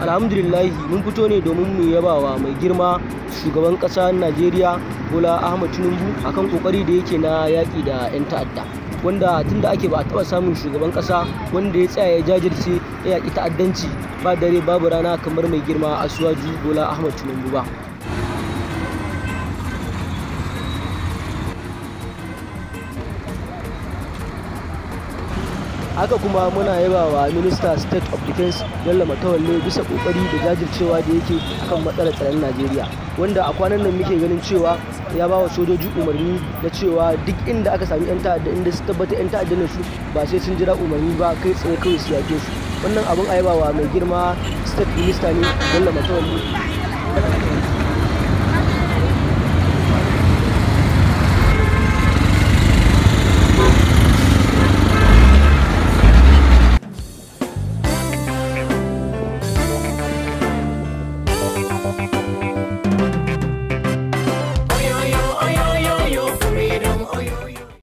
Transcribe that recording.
alhamdulillahi mun fito ne domin mu yabawa mai girma shugaban kasa najeriya bola ahmad tinubu akan kokari da yake na yaki da 'yan ta'adda wanda tunda ake ba a taɓa samun shugaban ƙasa wanda ya tsaya ya jajirce ya yaƙi ta'addanci ba dare babu rana kamar mai girma asuwaju bola ahmad tinubu ba haka kuma muna yaba wa minista state of defense bello matawalle bisa kokari da jajircewa da yake akan matsalar tsaron najeriya wanda a kwanan nan muke ganin cewa ya ba wa sojoji umarni na cewa duk inda aka sami 'yan ta'adda inda su tabbata 'yan ta'adda na su ba sai sun jira umarni ba kai tsaye kawai su yake su wannan abin a yaba wa mai girma state minister ne bello matawalle